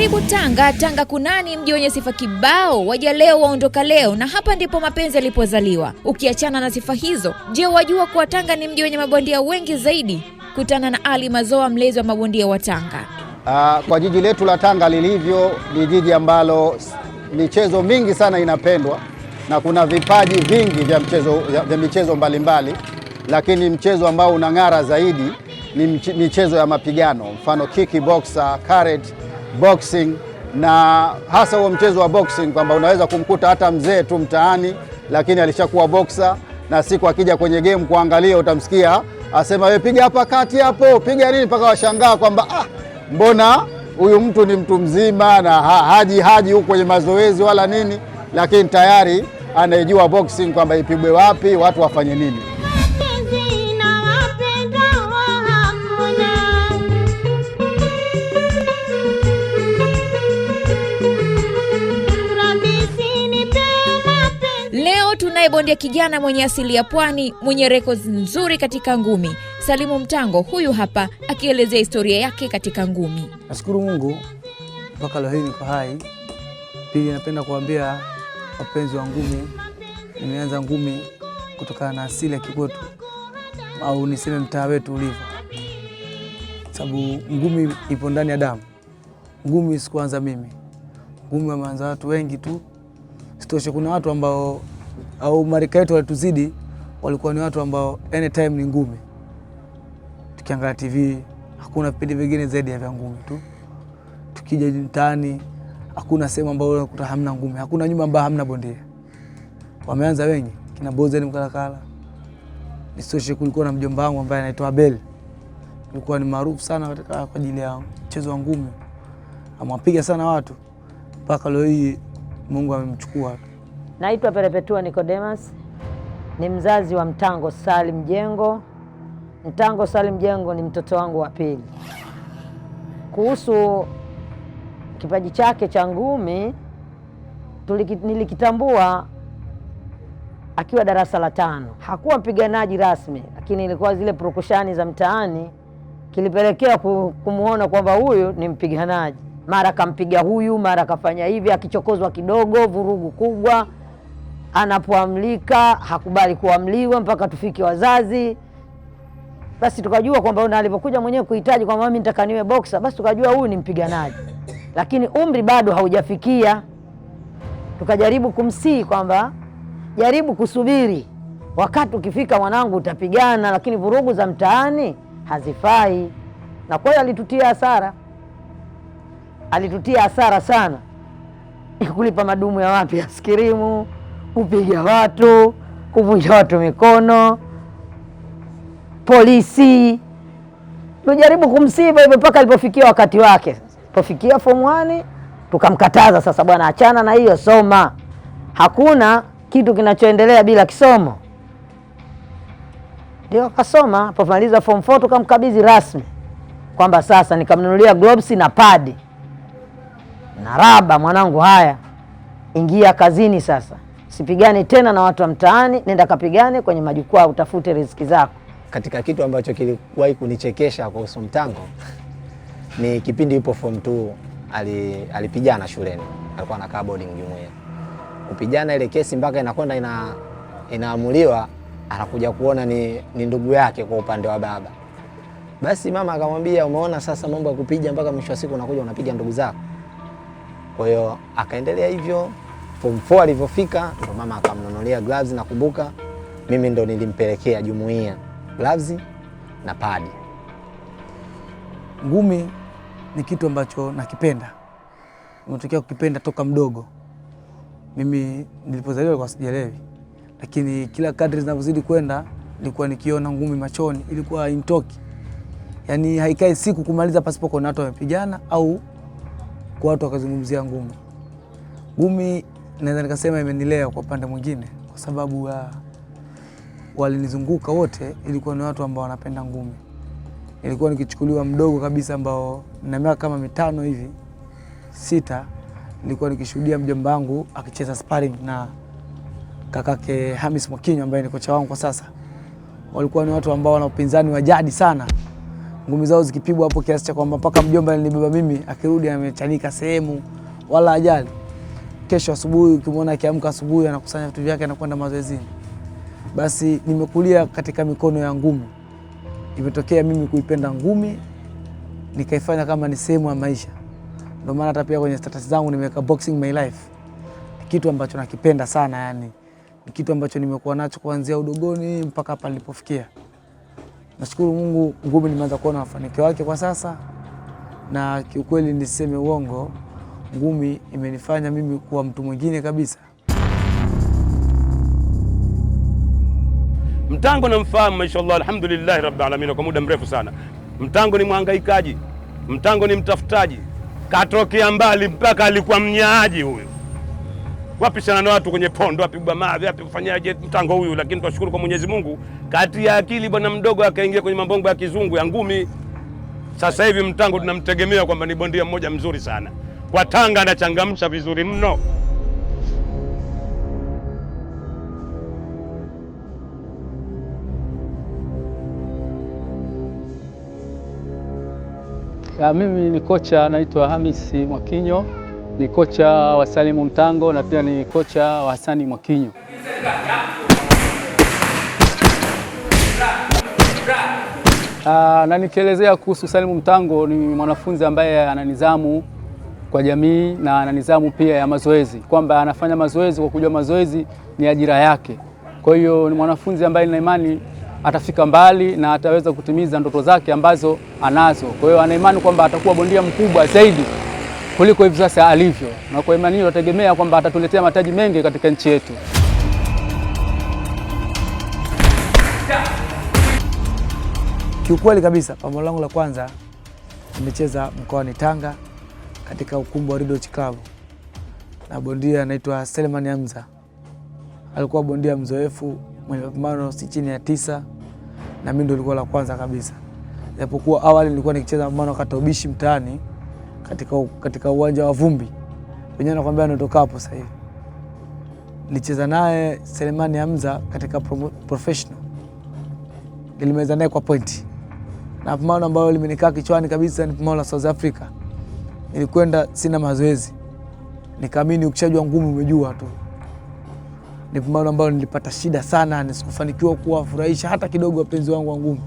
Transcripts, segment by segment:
Karibu Tanga. Tanga kunani, mji wenye sifa kibao, waja leo waondoka leo, na hapa ndipo mapenzi yalipozaliwa. Ukiachana na sifa hizo, je, wajua kuwa Tanga ni mji wenye mabondia wengi zaidi? Kutana na Ali Mazoa, mlezi wa mabondia wa Tanga. Uh, kwa jiji letu la Tanga lilivyo, ni jiji ambalo michezo mingi sana inapendwa na kuna vipaji vingi vya, mchezo, vya michezo mbalimbali mbali, lakini mchezo ambao unang'ara zaidi ni michezo ya mapigano, mfano kickboxer, karate boxing na hasa huo mchezo wa boxing kwamba unaweza kumkuta hata mzee tu mtaani, lakini alishakuwa boksa, na siku akija kwenye game kuangalia, utamsikia asema wewe, piga hapa kati, hapo piga nini, mpaka washangaa kwamba ah, mbona huyu mtu ni mtu mzima na haji haji huko kwenye mazoezi wala nini, lakini tayari anaijua boxing kwamba ipigwe wapi, watu wafanye nini. tunaye bondia kijana mwenye asili ya pwani mwenye rekodi nzuri katika ngumi, Salimu Mtango. Huyu hapa akielezea historia yake katika ngumi. Nashukuru Mungu mpaka leo hii niko hai. Pili, napenda kuambia wapenzi wa ngumi, nimeanza ngumi kutokana na asili ya kikwetu au niseme mtaa wetu ulivyo, sababu ngumi ipo ndani ya damu. Ngumi sikuanza mimi, ngumi wameanza watu wengi tu. Sitoshe, kuna watu ambao au marika yetu walituzidi walikuwa ni watu ambao anytime ni ngumi. Tukiangalia TV hakuna vipindi vingine zaidi ya vya ngumi tu. Tukija mtaani hakuna sehemu ambayo unakuta hamna ngumi, hakuna nyumba ambayo hamna bondia. Wameanza wengi kina Boze Bozen Mkalakala. Nisitoshe kulikuwa na mjomba wangu ambaye anaitwa Abel. Alikuwa ni maarufu sana katika kwa ajili ya mchezo wa ngumi. Amwapiga sana watu mpaka leo hii Mungu amemchukua. tu. Naitwa Perepetua Nicodemus, ni mzazi wa Mtango Salim Jengo. Mtango Salim Jengo ni mtoto wangu wa pili. Kuhusu kipaji chake cha ngumi nilikitambua akiwa darasa la tano. Hakuwa mpiganaji rasmi, lakini ilikuwa zile purukushani za mtaani kilipelekea kumwona kwamba huyu ni mpiganaji. Mara kampiga huyu, mara kafanya hivi, akichokozwa kidogo, vurugu kubwa anapoamlika hakubali kuamliwa mpaka tufike wazazi. Basi tukajua kwamba na alipokuja mwenyewe kuhitaji kwamba mimi nitaka niwe boksa, basi tukajua huyu ni mpiganaji, lakini umri bado haujafikia. Tukajaribu kumsii kwamba jaribu kusubiri, wakati ukifika mwanangu utapigana, lakini vurugu za mtaani hazifai. Na kwa hiyo alitutia hasara, alitutia hasara sana, kulipa madumu ya wapi askirimu kupiga watu, kuvunja watu mikono, polisi. Tujaribu kumsiba hivyo mpaka alipofikia wakati wake. pofikia form 1 tukamkataza sasa, bwana, achana na hiyo, soma. Hakuna kitu kinachoendelea bila kisomo. Ndio akasoma. Alipomaliza form 4 tukamkabidhi rasmi kwamba sasa, nikamnunulia gloves na padi na raba, mwanangu, haya ingia kazini sasa sipigane tena na watu wa mtaani, nenda kapigane kwenye majukwaa, utafute riziki zako. Katika kitu ambacho kiliwahi kunichekesha kuhusu Mtango ni kipindi yupo form 2 ali, alipigana shuleni, alikuwa anakaa boarding jumuiya kupigana, ile kesi mpaka inakwenda ina, inaamuliwa, anakuja kuona ni, ni ndugu yake kwa upande wa baba. Basi mama akamwambia, umeona sasa mambo ya kupiga mpaka mwisho wa siku unakuja unapiga ndugu zako. Kwa hiyo akaendelea hivyo form 4 alivyofika ndo mama akamnunulia gloves, nakumbuka mimi ndo nilimpelekea jumuiya gloves na padi. Ngumi ni kitu ambacho nakipenda, nimetokea kukipenda toka mdogo. Mimi nilipozaliwa kwa sijaelewi, lakini kila kadri zinavyozidi kwenda nilikuwa nikiona ngumi machoni, ilikuwa intoki yaani haikai siku kumaliza pasipo kuona watu wamepigana au kwa watu wakazungumzia ngumi. Ngumi naweza nikasema imenilea kwa upande mwingine, kwa sababu ya walinizunguka wote ilikuwa ni watu ambao wanapenda ngumi. Ilikuwa nikichukuliwa mdogo kabisa, ambao na miaka kama mitano hivi sita, nilikuwa nikishuhudia mjomba wangu akicheza sparring na kakake Hamis Mwakinyo ambaye ni kocha wangu kwa sasa. Walikuwa ni watu ambao wana upinzani wa jadi sana, ngumi zao zikipigwa hapo kiasi cha kwamba mpaka mjomba alinibeba mimi, akirudi amechanika sehemu, wala ajali kesho asubuhi, ukimwona akiamka asubuhi anakusanya vitu vyake anakwenda mazoezini. Basi nimekulia katika mikono ya ngumi, imetokea mimi kuipenda ngumi nikaifanya kama ni sehemu ya maisha. Ndio maana hata pia kwenye status zangu nimeweka boxing my life, kitu ambacho nakipenda sana, yani ni kitu ambacho nimekuwa nacho kuanzia udogoni mpaka hapa nilipofikia. Nashukuru Mungu, ngumi nimeanza kuona mafanikio yake kwa sasa, na kiukweli niseme uongo ngumi imenifanya mimi kuwa mtu mwingine kabisa. Mtango namfahamu mashallah, alhamdulillahi rabbil alamin, kwa muda mrefu sana. Mtango ni mhangaikaji, Mtango ni mtafutaji, katokea mbali mpaka alikuwa mnyaaji huyu, wapishana na watu kwenye pondo, baba mavi, kufanyaje Mtango huyu. Lakini twashukuru kwa Mwenyezi Mungu, kati ya akili bwana mdogo akaingia kwenye mambongo ya kizungu ya ngumi. Sasa hivi Mtango tunamtegemea kwamba ni bondia mmoja mzuri sana kwa Tanga anachangamsha vizuri mno. Ya, mimi ni kocha naitwa Hamisi Mwakinyo, ni kocha wa Salimu Mtango na pia ni kocha wa Hasani Mwakinyo. Ah, na nikielezea kuhusu Salimu Mtango, ni mwanafunzi ambaye ana nidhamu kwa jamii na ana nidhamu pia ya mazoezi, kwamba anafanya mazoezi kwa kujua mazoezi ni ajira yake. Kwa hiyo ni mwanafunzi ambaye nina imani atafika mbali na ataweza kutimiza ndoto zake ambazo anazo. Kwa hiyo ana imani kwamba atakuwa bondia mkubwa zaidi kuliko hivi sasa alivyo, na kwa imani hiyo nategemea kwamba atatuletea mataji mengi katika nchi yetu. Kiukweli kabisa, pambano langu la kwanza nimecheza mkoani Tanga katika ukumbi wa Ridoch Club na bondia anaitwa Selman Hamza. Alikuwa bondia mzoefu mwenye mapambano si chini ya tisa, na mimi ndo nilikuwa la kwanza kabisa, japokuwa awali nilikuwa nikicheza mapambano katobishi mtaani katika, katika uwanja wa vumbi wenyewe, nakwambia anatoka hapo. Sasa hivi nilicheza naye Selman Hamza katika pro, professional nilimeza naye kwa pointi, na pambano ambayo limenikaa kichwani kabisa ni pambano la South Africa nilikwenda sina mazoezi, nikaamini ukishajua ngumi umejua tu. Ni pambano ambalo nilipata shida sana, nisikufanikiwa kuwafurahisha hata kidogo wapenzi wangu wa ngumi,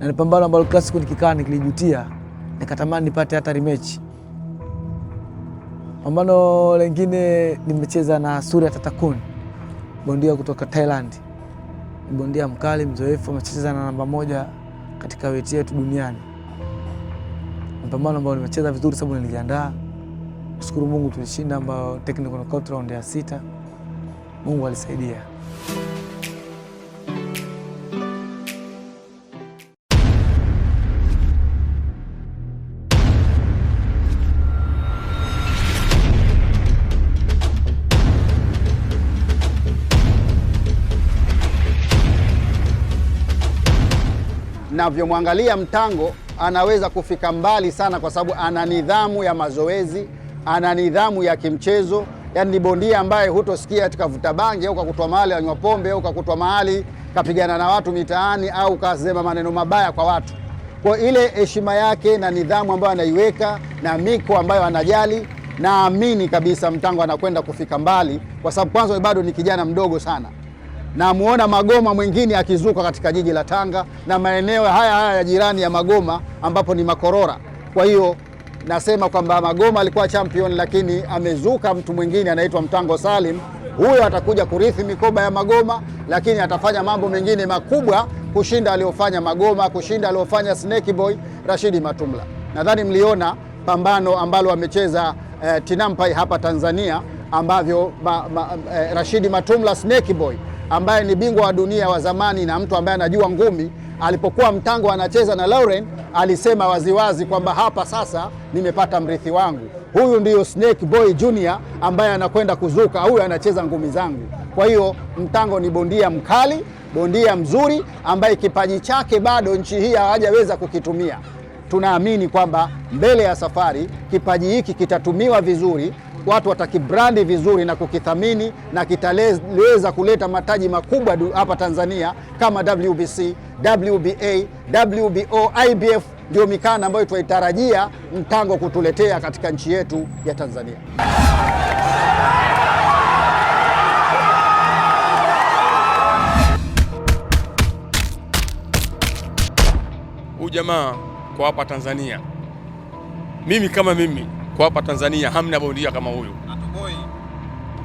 na ni pambano ambalo kila siku nikikaa nikilijutia, nikatamani nipate hata rematch. Pambano lengine nimecheza na Surya Tatakun, bondia kutoka Thailand, bondia mkali mzoefu, amecheza na namba moja katika weti yetu duniani mapambano ambayo nimecheza vizuri sababu nilijiandaa. Nashukuru Mungu tulishinda, ambao technical knockout round ya sita. Mungu alisaidia. Navyomwangalia Mtango anaweza kufika mbali sana, kwa sababu ana nidhamu ya mazoezi, ana nidhamu ya kimchezo. Yani ni bondia ambaye hutosikia katika vuta bangi au kakutwa mahali anywa pombe au kakutwa mahali kapigana na watu mitaani au kasema maneno mabaya kwa watu. Kwa ile heshima yake na nidhamu ambayo anaiweka na miko ambayo anajali, naamini kabisa Mtango anakwenda kufika mbali, kwa sababu kwanza bado ni kijana mdogo sana. Namuona Magoma mwingine akizuka katika jiji la Tanga na maeneo haya haya ya jirani ya Magoma ambapo ni Makorora. Kwa hiyo nasema kwamba Magoma alikuwa champion, lakini amezuka mtu mwingine anaitwa Mtango Salim. Huyo atakuja kurithi mikoba ya Magoma, lakini atafanya mambo mengine makubwa kushinda aliyofanya Magoma, kushinda aliyofanya Snake Boy Rashidi Matumla. Nadhani mliona pambano ambalo amecheza eh, Tinampai hapa Tanzania ambavyo ma, ma, eh, Rashidi Matumla Snake Boy ambaye ni bingwa wa dunia wa zamani na mtu ambaye anajua ngumi, alipokuwa Mtango anacheza na Lauren alisema waziwazi kwamba hapa sasa nimepata mrithi wangu, huyu ndiyo Snake Boy Junior ambaye anakwenda kuzuka, huyu anacheza ngumi zangu. Kwa hiyo Mtango ni bondia mkali, bondia mzuri ambaye kipaji chake bado nchi hii hawajaweza kukitumia tunaamini kwamba mbele ya safari kipaji hiki kitatumiwa vizuri, watu watakibrandi vizuri na kukithamini na kitaweza kuleta mataji makubwa hapa Tanzania kama WBC, WBA, WBO, IBF ndio mikana ambayo tunaitarajia Mtango kutuletea katika nchi yetu ya Tanzania. Huu jamaa kwa hapa Tanzania, mimi kama mimi kwa hapa Tanzania hamna bondia kama huyu. Hatoboi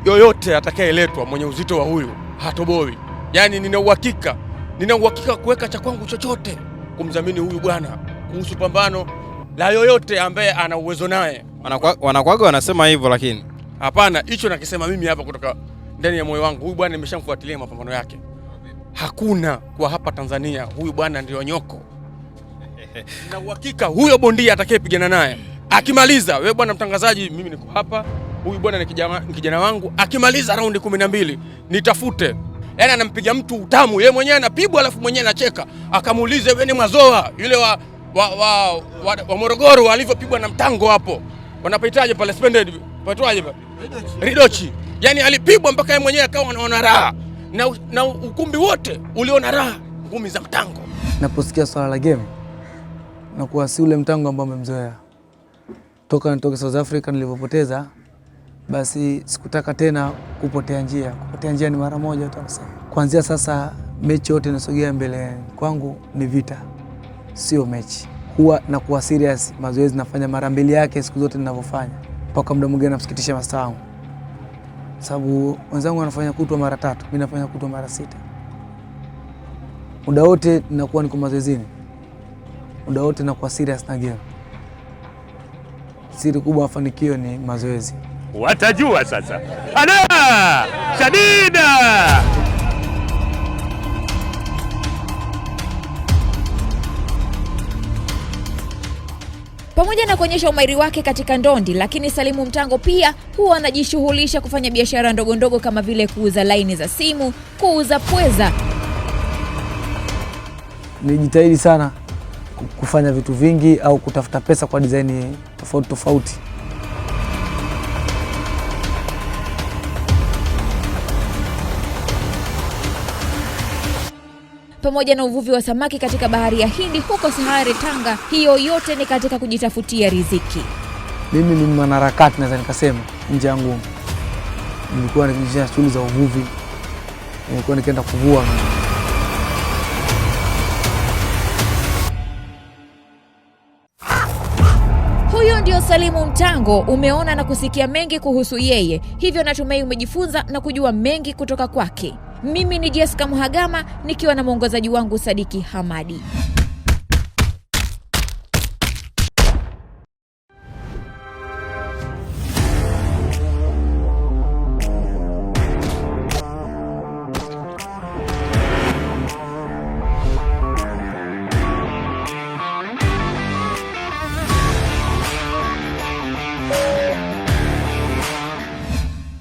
yoyote atakayeletwa mwenye uzito wa huyu hatoboi. Yani nina uhakika, nina uhakika kuweka cha kwangu chochote kumdhamini huyu bwana kuhusu pambano la yoyote ambaye ana uwezo naye. Wanakwaga wanasema hivyo, lakini hapana, hicho nakisema mimi hapa kutoka ndani ya moyo wangu. Huyu bwana nimeshamfuatilia mapambano yake, hakuna kwa hapa Tanzania. Huyu bwana ndio nyoko. na uhakika huyo bondia atakayepigana naye akimaliza, wewe bwana mtangazaji, mimi niko hapa, huyu bwana ni kijana kijana wangu, akimaliza raundi kumi na mbili nitafute. Yani anampiga mtu utamu, yeye mwenyewe anapibwa, alafu mwenyewe anacheka, akamuulize wewe ni mwazoa yule wa, wa, wa, wa, wa, wa Morogoro alivyopigwa na mtango hapo, wanapaitaje pale suspended patwaje pale ridochi, yani alipibwa mpaka yeye mwenyewe akawa anaona raha na, na ukumbi wote uliona raha ngumi za mtango. Naposikia swala la game na kuwa si ule mtango ambao umemzoea toka nitoke South Africa nilivyopoteza, basi sikutaka tena kupotea njia. Kupotea njia ni mara moja tu. Kuanzia sasa mechi yote inasogea mbele kwangu ni vita, sio mechi. Huwa na kuwa serious, mazoezi nafanya mara mbili yake siku zote ninavyofanya, mpaka muda mwingine namsikitisha masaa wangu, sababu wenzangu wanafanya kutwa mara tatu, mimi nafanya kutwa mara sita, muda wote ninakuwa niko mazoezini muda wote na kwa serious na game. Siri kubwa mafanikio ni mazoezi. Watajua sasa. Ala! Shadida! Pamoja na kuonyesha umahiri wake katika ndondi, lakini Salimu Mtango pia huwa anajishughulisha kufanya biashara ndogo ndogo kama vile kuuza laini za simu, kuuza pweza. Nijitahidi sana kufanya vitu vingi au kutafuta pesa kwa design tofauti tofauti. pamoja na uvuvi wa samaki katika bahari ya Hindi huko Sahare Tanga, hiyo yote ni katika kujitafutia riziki. Mimi ni mwanaharakati, naweza nikasema nje yangu nilikuwa nikijiisha shughuli za uvuvi, nilikuwa nikienda kuvua ndio Salimu Mtango. Umeona na kusikia mengi kuhusu yeye, hivyo natumai umejifunza na kujua mengi kutoka kwake. Mimi ni Jessica Mhagama nikiwa na mwongozaji wangu Sadiki Hamadi.